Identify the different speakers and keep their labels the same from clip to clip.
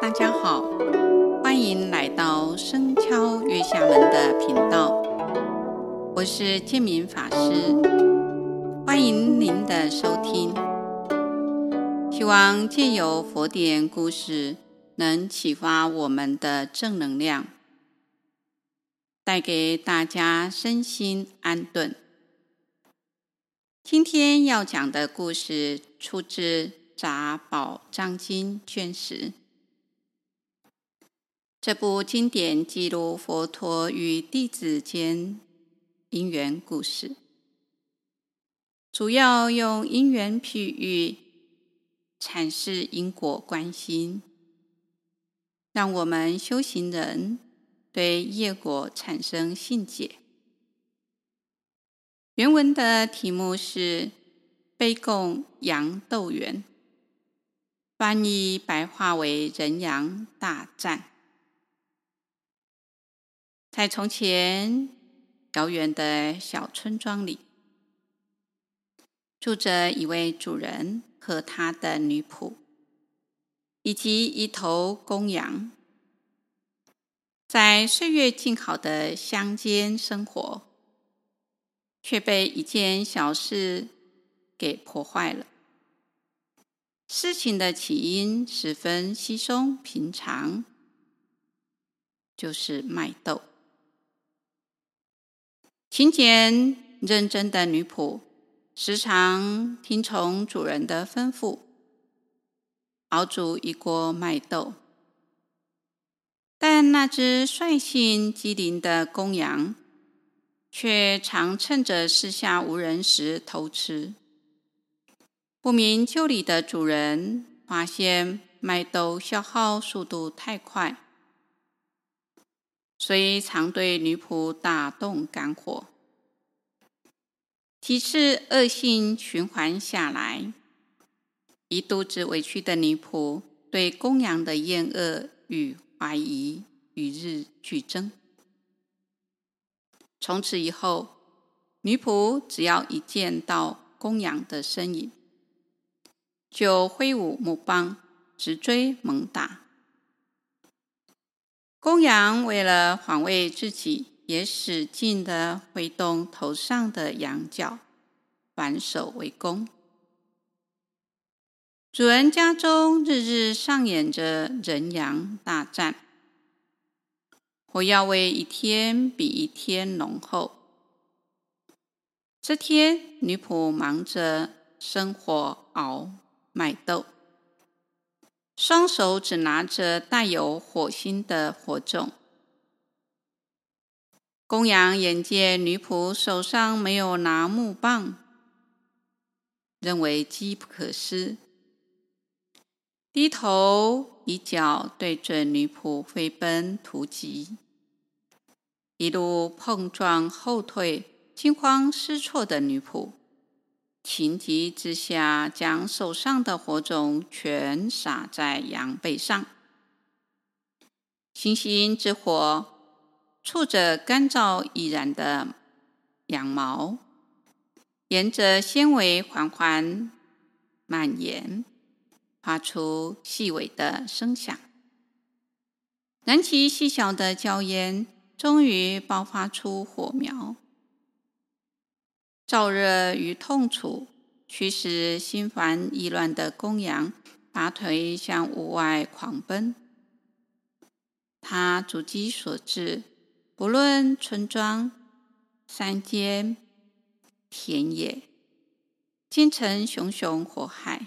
Speaker 1: 大家好，歡迎來到僧敲月下門的頻道，我是見明法師，歡迎您的收聽。希望借由佛典故事，能啟發我們的正能量，帶給大家身心安頓。今天要講的故事出自《雜寶藏經》卷十。這部經典記錄佛陀與弟子間因緣故事，主要用因緣譬喻闡釋因果關係，讓我們修行人對業果產生信解。原文的題目是《婢共羊鬥緣》，翻譯白話為人羊大戰。在從前遙遠的小村莊裡，住着一位主人和他的女僕，以及一頭公羊，在歲月靜好的鄉間生活，卻被一件小事給破壞了。事情的起因十分稀鬆平常，就是麥豆。勤儉認真的女僕，時常聽從主人的吩咐，熬煮一鍋麥豆。但那隻率性機靈的公羊，卻常趁着四下無人時偷吃。不明就裡的主人發現麥豆消耗速度太快。所以，常對女僕大動肝火。幾次，惡性循環下來，一肚子委屈的女僕對公羊的厭惡與懷疑與日俱增。從此以後，女僕只要一見到公羊的身影，就揮舞木棒，直追猛打。公羊為了防衛自己，也使勁的揮動頭上的羊角，反守為攻。主人家中日日上演着人羊大戰，火藥味一天比一天濃厚。這天，女僕忙着生火熬麥豆。雙手只拿着帶有火星的火種，公羊眼見女僕手上沒有拿木棒，認為機不可失，低頭以角對準女僕飛奔突襲，一路碰撞後退，驚慌失措的女僕。情急之下，將手上的火種全撒在羊背上，星星之火觸着乾燥易燃的羊毛，沿着纖維緩緩蔓延，發出細微的聲響，燃起細小的焦煙，終於爆發出火苗。燥熱與痛楚驅使心煩意亂的公羊拔腿向屋外狂奔，它足跡所至，不論村莊、山間、田野，皆成熊熊火海。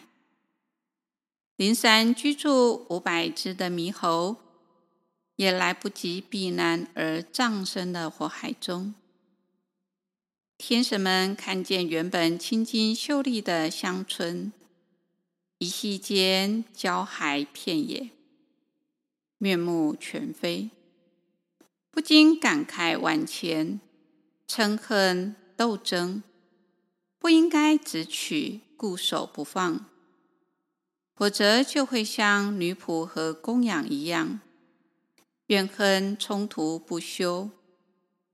Speaker 1: 林山居住五百隻的獼猴，也來不及避難而葬身的火海中。天神們看見原本青金秀麗的鄉村，一夕間焦海片野，面目全非，不禁感慨萬千，嗔恨鬥爭，不應該只取固守不放，否則就會像女僕和供養一樣，怨恨衝突不休，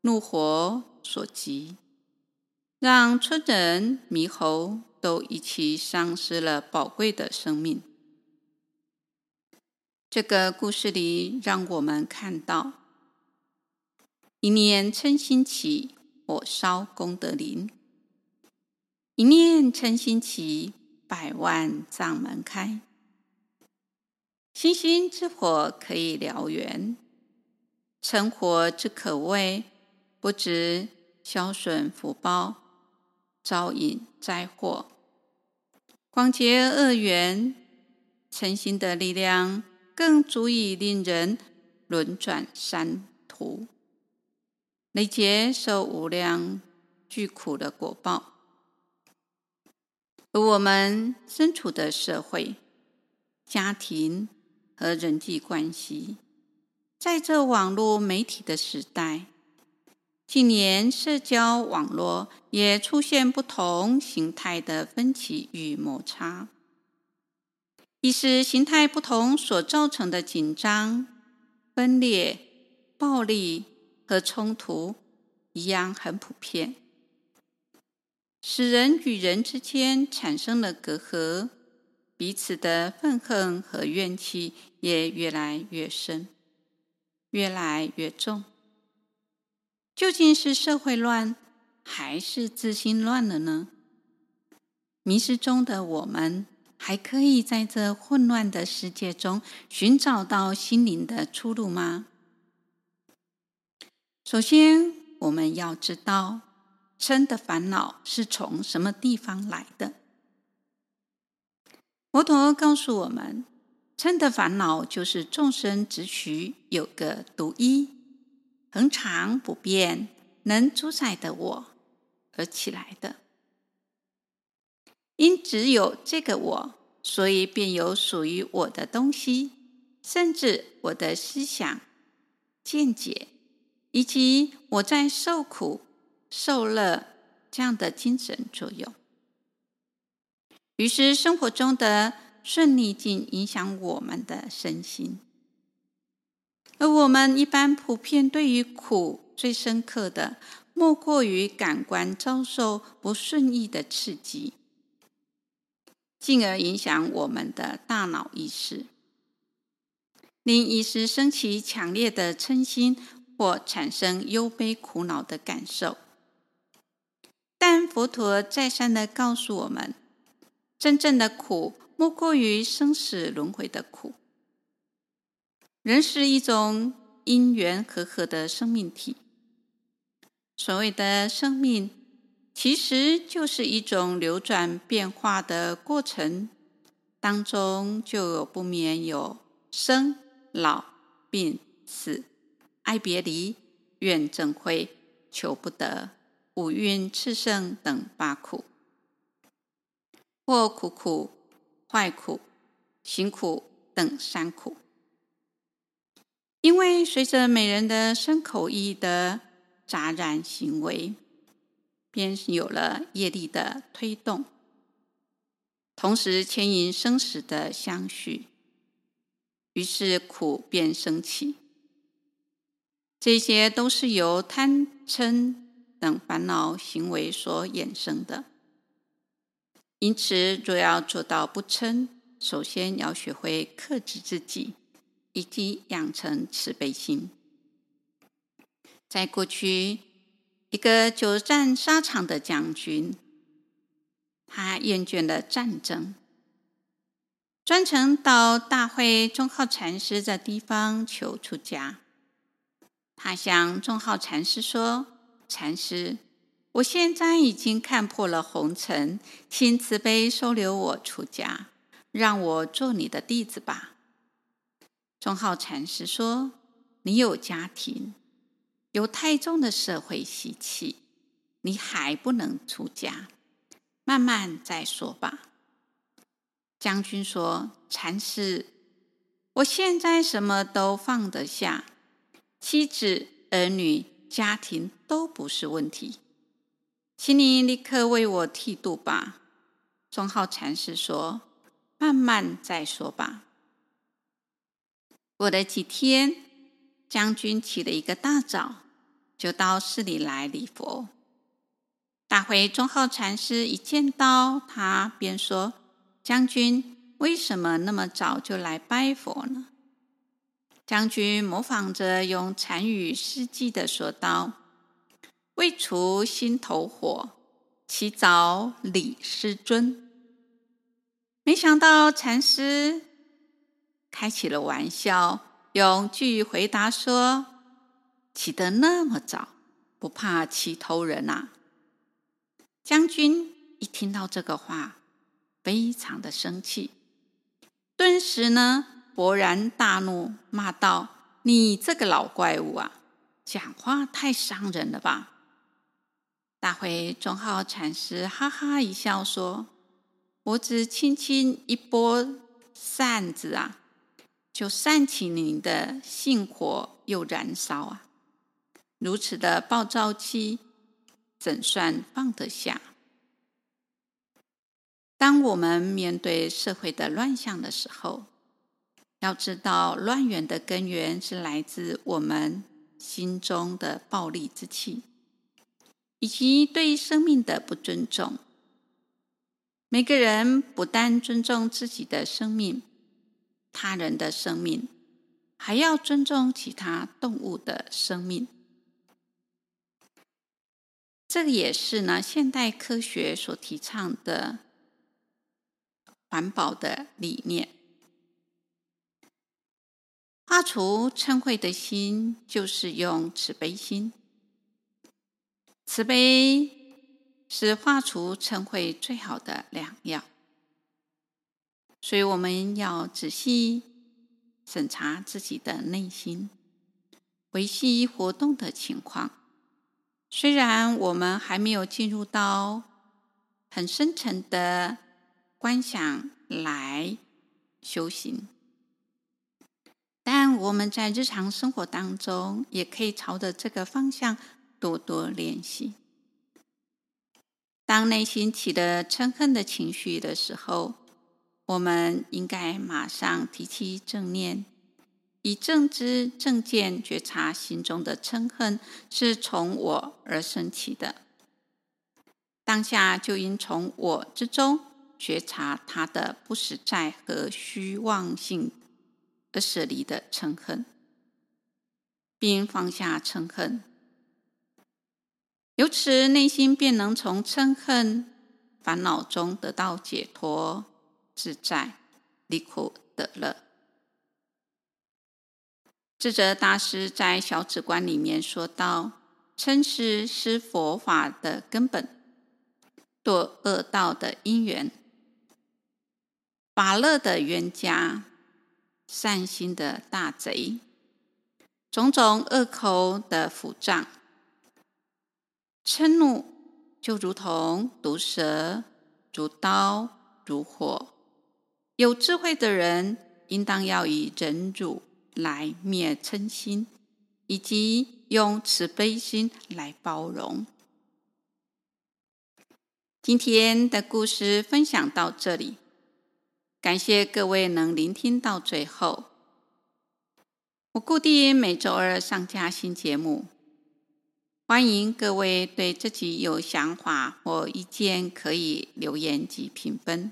Speaker 1: 怒火所及。讓村人、獼猴都一起喪失了寶貴的生命。這個故事裡，讓我們看到：一念嗔心起，火燒功德林；一念嗔心起，百萬障門開。星星之火可以燎原，嗔火之可畏，不只消損福報。招引災禍，廣結惡緣，瞋心的力量更足以令人輪轉三途，累劫受無量劇苦的果報。而我們身處的社會、家庭和人際關係，在這網絡媒體的時代。近年，社交網絡也出現不同形態的分歧與摩擦，意識形態不同所造成的緊張、分裂、暴力和衝突一樣很普遍，使人與人之間產生了隔閡，彼此的憤恨和怨氣也越來越深，越來越重。究竟是社會亂，還是自心亂了呢？迷失中的我們，還可以在這混亂的世界中尋找到心靈的出路嗎？首先，我們要知道，嗔的煩惱是從什麼地方來的。佛陀告訴我們，嗔的煩惱就是眾生執取有個獨一。恆常不變、能主宰的我而起來的，因只有這個我，所以便有屬於我的東西，甚至我的思想、見解，以及我在受苦、受樂這樣的精神作用。於是，生活中的順逆境影響我們的身心。而我們一般普遍對於苦最深刻的，莫過於感官遭受不順意的刺激，進而影響我們的大腦意識，令一時升起強烈的嗔心，或產生憂悲苦惱的感受。但佛陀再三地告訴我們，真正的苦，莫過於生死輪回的苦。人是一種因緣和合，合的生命體。所謂的生命，其實就是一種流轉變化的過程，當中就有不免有生、老、病、死、愛別離、怨憎會、求不得、五蘊熾盛等八苦，或苦苦、壞苦、行苦等三苦。因為隨着每人的身口意的雜染行為，便有了業力的推動，同時牽引生死的相續，於是苦便生起。這些都是由貪嗔等煩惱行為所衍生的。因此，若要做到不嗔，首先要學會克制自己。以及養成慈悲心。在過去，一個久戰沙場的將軍，他厭倦了戰爭，專程到大慧宗杲禪師的地方求出家。他向宗杲禪師說：“禪師，我現在已經看破了紅塵，請慈悲收留我出家，讓我做你的弟子吧。”宗杲禪師說：“你有家庭，有太重的社會習氣，你還不能出家，慢慢再說吧。”將軍說：“禪師，我現在什麼都放得下，妻子、兒女、家庭都不是問題，請你立刻為我剃度吧。”宗杲禪師說：“慢慢再說吧。”過了幾天，將軍起了一個大早，就到寺裡來禮佛。大慧宗杲禪師一見到他，便說：“將軍為什麼那麼早就來拜佛呢？”將軍模仿着用禪語詩句的說道：“為除心頭火，起早禮師尊。”沒想到禪師。開起了玩笑，用句回答說：“起得那麼早，不怕妻偷人吶、啊？”將軍一聽到這個話，非常的生氣，頓時呢勃然大怒，罵道：“你這個老怪物啊，講話太傷人了吧！”大慧宗杲禪師哈哈一笑說：“我只輕輕一撥扇子啊。”就煽起您的性火又燃燒啊！如此的暴躁氣怎算放得下？當我們面對社會的亂象的時候，要知道亂源的根源是來自我們心中的暴戾之氣，以及對生命的不尊重。每個人不但尊重自己的生命。他人的生命，還要尊重其他動物的生命。這個也是呢，現代科學所提倡的環保的理念。化除瞋恚的心，就是用慈悲心。慈悲是化除瞋恚最好的良藥。所以，我們要仔細審查自己的內心、維繫活動的情況。雖然我們還沒有進入到很深層的觀想來修行，但我們在日常生活當中也可以朝着這個方向多多練習。當內心起的嗔恨的情緒的時候，我們應該馬上提起正念，以正知正見覺察心中的憎恨是從我而升起的。當下就應從我之中覺察他的不實在和虛妄性，而捨離的憎恨，並放下憎恨，由此內心便能從憎恨煩惱中得到解脫。自在離苦得樂。智者大師在《小止觀》裡面說到：嗔癡是佛法的根本，墮惡道的因緣，法樂的冤家，善心的大賊，種種惡口的府藏。嗔怒就如同毒蛇、如刀、如火。有智慧的人，應當要以忍辱來滅嗔心，以及用慈悲心來包容。今天的故事分享到這裡，感謝各位能聆聽到最後。我固定每周二上架新節目，歡迎各位對自己有想法或意見，可以留言及評分。